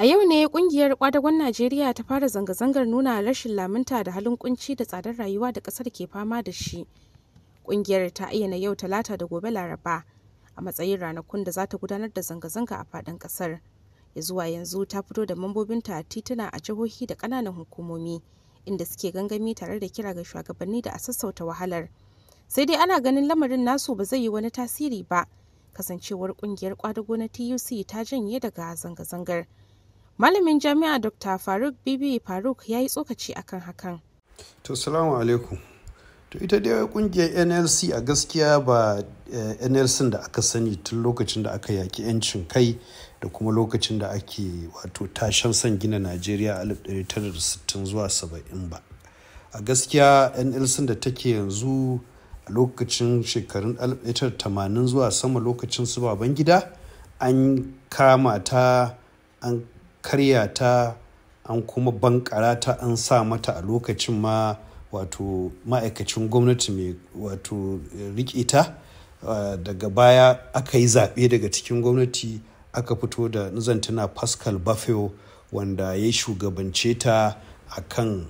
A yau ne Ƙungiyar kwadagon Najeriya ta fara zanga-zangar nuna rashin lamunta da halin ƙunci da tsadar rayuwa da ƙasar ke fama da shi. Ƙungiyar ta ayyana yau Talata da gobe Laraba a matsayin ranakun da za ta gudanar da zanga-zanga a faɗin ƙasar. Ya zuwa yanzu ta fito da mambobinta a tituna a jihohi da ƙananan hukumomi inda suke gangami tare da kira ga shugabanni da a sassauta wahalar. Sai dai ana ganin lamarin nasu ba zai yi wani tasiri ba kasancewar ƙungiyar ƙwadago na TUC ta janye daga zanga-zangar. Malamin jami'a Dr. Faruk Bibi Faruk ya yi tsokaci akan hakan. To, salamu alaikum. To, ita dai kungiyar NLC a gaskiya ba eh, NLC da aka sani tun lokacin da aka yaki 'yancin kai da kuma lokacin da ake wato tashen son gina Najeriya 1960 zuwa 70 ba. A gaskiya NLC da take yanzu a lokacin shekarun 1980 zuwa sama lokacin su baban gida an kama ta an karya ta an kuma bankara ta an sa mata a lokacin ma wato ma'aikacin gwamnati mai wato riƙe ta eh, daga baya aka yi zaɓe daga cikin gwamnati aka fito da zantana pascal buffalo wanda ya shugabance ta a kan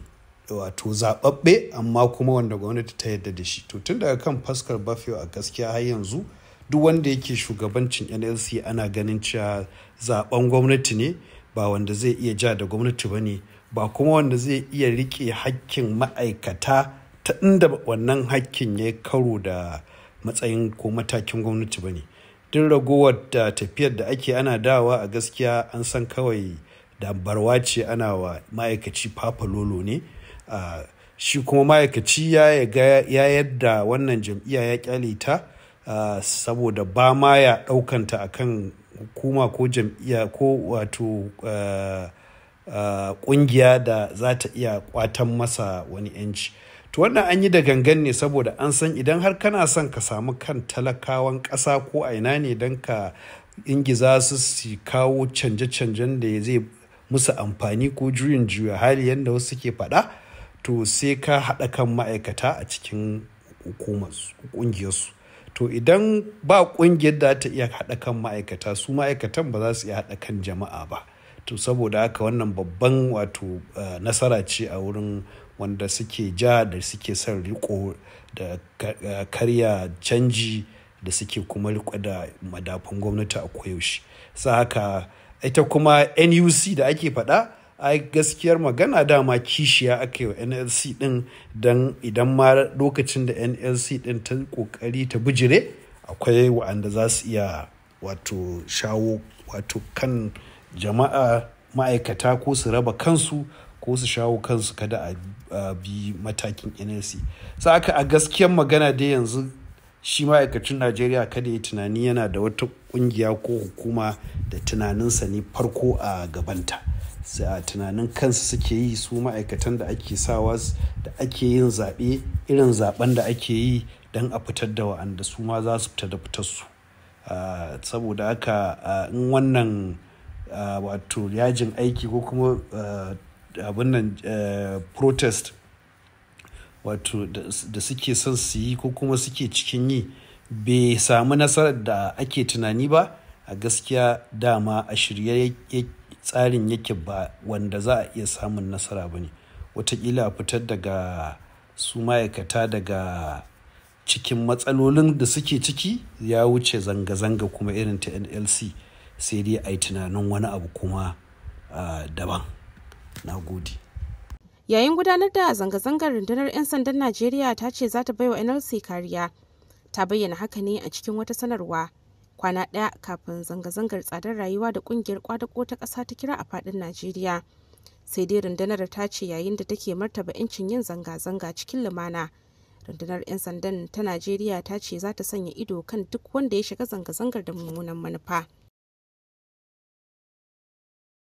wato zaɓaɓɓe amma kuma wanda gwamnati ta yarda da shi to tun daga kan pascal buffalo a gaskiya har yanzu duk wanda yake shugabancin nlc ana ganin cewa zaɓen gwamnati ne ba wanda zai iya ja da gwamnati ba ne ba kuma wanda zai iya rike hakkin ma'aikata ta inda wannan hakkin ya karo da matsayin ko matakin gwamnati ba ne duk ragowar da tafiyar da ake ana dawa a gaskiya an san kawai da barwa ce ana wa ma'aikaci lolo ne shi kuma ma'aikaci ya yadda wannan jam'iyya ya kyale ta saboda ba ma ya ɗaukanta akan hukuma ko jam'iyya ko wato kungiya eh, eh, da za ta iya kwatan masa wani yanci to wannan an yi da gangan ne saboda an san idan har kana son ka samu kan talakawan ƙasa ko a ina ne don ka ingiza su su kawo canje-canjen da ya zai musu amfani ko juyin juya hali yadda wasu ke faɗa to sai ka haɗa kan ma'aikata a cikin ƙungiyarsu to idan ba ƙungiyar da ta iya haɗa kan ma'aikata su ma'aikatan ba za su iya haɗa kan jama'a ba to saboda haka wannan babban wato eh, nasara ce a wurin wanda suke ja da suke son riko da eh, karya canji da suke kuma riko da madafun gwamnati a koyaushe sa haka ita kuma nuc da ake faɗa A gaskiyar magana dama kishiya aka yi wa nlc din don idan ma lokacin da nlc din ta kokari ta bijire akwai wa'anda za su iya wato shawo wato kan jama'a ma'aikata ko su raba kansu ko su shawo kansu kada a bi matakin nlc sa aka a gaskiyar magana dai yanzu shi ma'aikacin najeriya kada ya tunani yana da wata kungiya ko hukuma da tunaninsa ne farko a gabanta. sai a tunanin kansu suke yi su ma'aikatan da ake sawa da ake yin zaɓe irin zaɓen da ake yi don a fitar da wa'anda su ma za su fita da fitarsu saboda haka in wannan wato yajin aiki ko kuma abin nan protest wato da suke son su yi ko kuma suke cikin yi bai samu nasarar da ake tunani ba a gaskiya dama a shirye tsarin yake ba wanda za a iya samun nasara ba ne watakila a fitar daga su ma'aikata daga cikin matsalolin da suke ciki ya wuce zanga-zanga kuma irin ta nlc sai dai a yi tunanin wani abu kuma daban na gode yayin gudanar da zanga-zangar rundunar 'yan sandan najeriya ta ce za ta wa nlc kariya ta bayyana haka ne a cikin wata sanarwa kwana ɗaya kafin zanga-zangar tsadar rayuwa da ƙungiyar kwadako ta ƙasa ta kira a faɗin Najeriya. Sai dai rundunar ta ce yayin da take martaba 'yancin yin zanga-zanga cikin lumana. Rundunar 'yan sandan ta Najeriya ta ce za ta sanya ido kan duk wanda ya shiga zanga-zangar da mummunan manufa.